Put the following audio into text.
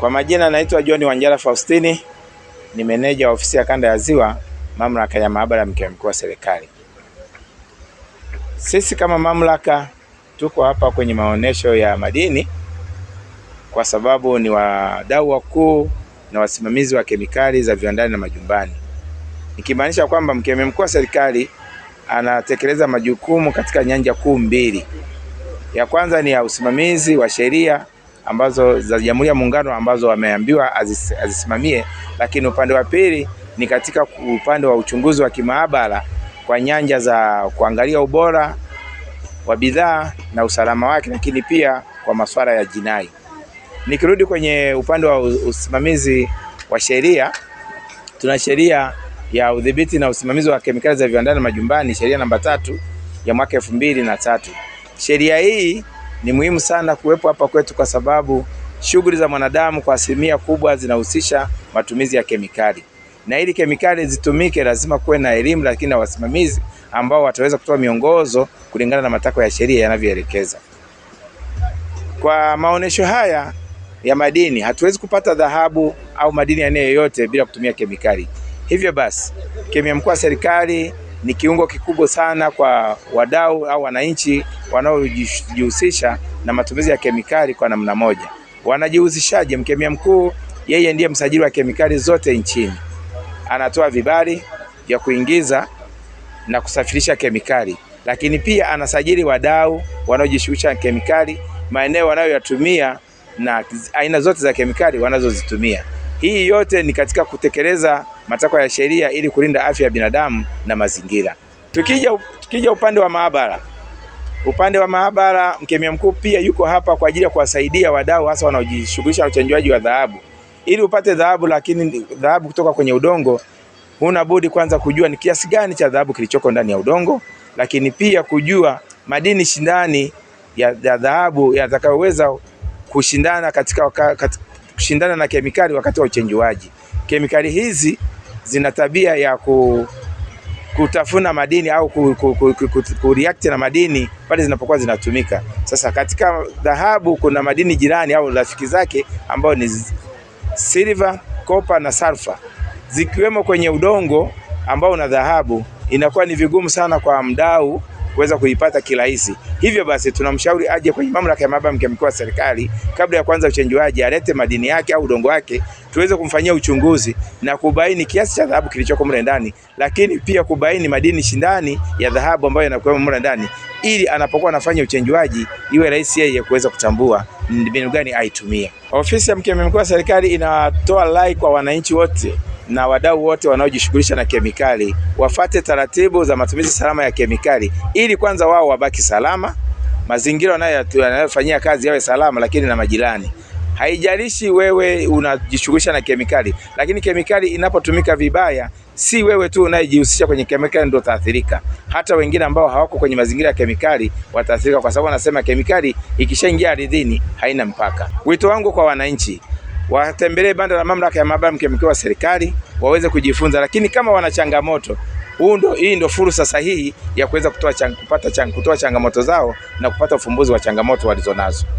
Kwa majina naitwa John Wanjala Faustini, ni meneja wa ofisi ya kanda ya Ziwa, mamlaka ya maabara ya mkemia mkuu wa serikali. Sisi kama mamlaka tuko hapa kwenye maonyesho ya madini kwa sababu ni wadau wakuu na wasimamizi wa kemikali za viwandani na majumbani, nikimaanisha kwamba mkemia mkuu wa serikali anatekeleza majukumu katika nyanja kuu mbili. Ya kwanza ni ya usimamizi wa sheria ambazo za Jamhuri ya Muungano ambazo wameambiwa azis, azisimamie, lakini upande wa pili ni katika upande wa uchunguzi wa kimaabara kwa nyanja za kuangalia ubora wa bidhaa na usalama wake, lakini pia kwa masuala ya jinai. Nikirudi kwenye upande wa usimamizi wa sheria, tuna sheria ya udhibiti na usimamizi wa kemikali za viwandani na majumbani, sheria namba tatu ya mwaka elfu mbili na tatu. Sheria hii ni muhimu sana kuwepo hapa kwetu, kwa sababu shughuli za mwanadamu kwa asilimia kubwa zinahusisha matumizi ya kemikali, na ili kemikali zitumike lazima kuwe na elimu, lakini na wasimamizi ambao wataweza kutoa miongozo kulingana na matakwa ya sheria yanavyoelekeza. Kwa maonesho haya ya madini, hatuwezi kupata dhahabu au madini ya aina yoyote bila kutumia kemikali. Hivyo basi, Kemia Mkuu wa Serikali ni kiungo kikubwa sana kwa wadau au wananchi wanaojihusisha na matumizi ya kemikali kwa namna moja. Wanajihusishaje? Mkemia mkuu yeye ndiye msajili wa kemikali zote nchini, anatoa vibali vya kuingiza na kusafirisha kemikali, lakini pia anasajili wadau wanaojishughulisha na kemikali, maeneo wanayoyatumia na aina zote za kemikali wanazozitumia. Hii yote ni katika kutekeleza matakwa ya sheria ili kulinda afya ya binadamu na mazingira. Tukija, tukija upande wa maabara, upande wa maabara mkemia mkuu pia yuko hapa kwa ajili ya kuwasaidia wadau hasa wanaojishughulisha na uchenjuaji wa dhahabu. Ili upate dhahabu, lakini dhahabu kutoka kwenye udongo, huna budi kwanza kujua ni kiasi gani cha dhahabu kilichoko ndani ya udongo, lakini pia kujua madini shindani ya dhahabu yatakayoweza kushindana katika, katika kushindana na kemikali wakati wa uchenjuaji. Kemikali hizi zina tabia ya ku, kutafuna madini au ku, ku, ku, ku, ku react na madini pale zinapokuwa zinatumika. Sasa katika dhahabu kuna madini jirani au rafiki zake ambayo ni silver, copper na sulfur. Zikiwemo kwenye udongo ambao una dhahabu, inakuwa ni vigumu sana kwa mdau kuweza kuipata kirahisi. Hivyo basi tunamshauri aje kwenye mamlaka ya maabara ya mkoa wa serikali, kabla ya kuanza uchenjuaji alete madini yake au udongo wake tuweze kumfanyia uchunguzi na kubaini kiasi cha dhahabu kilichoko mle ndani, lakini pia kubaini madini shindani ya dhahabu ambayo yanakuwa mle ndani, ili anapokuwa anafanya uchenjuaji iwe rahisi yeye kuweza kutambua mbinu gani aitumia. Ofisi ya mkemia mkuu wa serikali inatoa rai kwa wananchi wote na wadau wote wanaojishughulisha na kemikali wafate taratibu za matumizi salama ya kemikali, ili kwanza wao wabaki salama, mazingira wanayofanyia kazi yawe salama, lakini na majirani. Haijalishi wewe unajishughulisha na kemikali, lakini kemikali inapotumika vibaya, si wewe tu unayejihusisha kwenye kemikali ndio utaathirika. Hata wengine ambao hawako kwenye mazingira ya kemikali wataathirika, kwa sababu wanasema kemikali ikishaingia ardhini haina mpaka. Wito wangu kwa wananchi watembelee banda la mamlaka ya maabara mkemke wa serikali waweze kujifunza, lakini kama wana changamoto huu ndo hii ndo fursa sahihi ya kuweza kutoa chang, kupata chang, kutoa changamoto zao na kupata ufumbuzi wa changamoto walizonazo.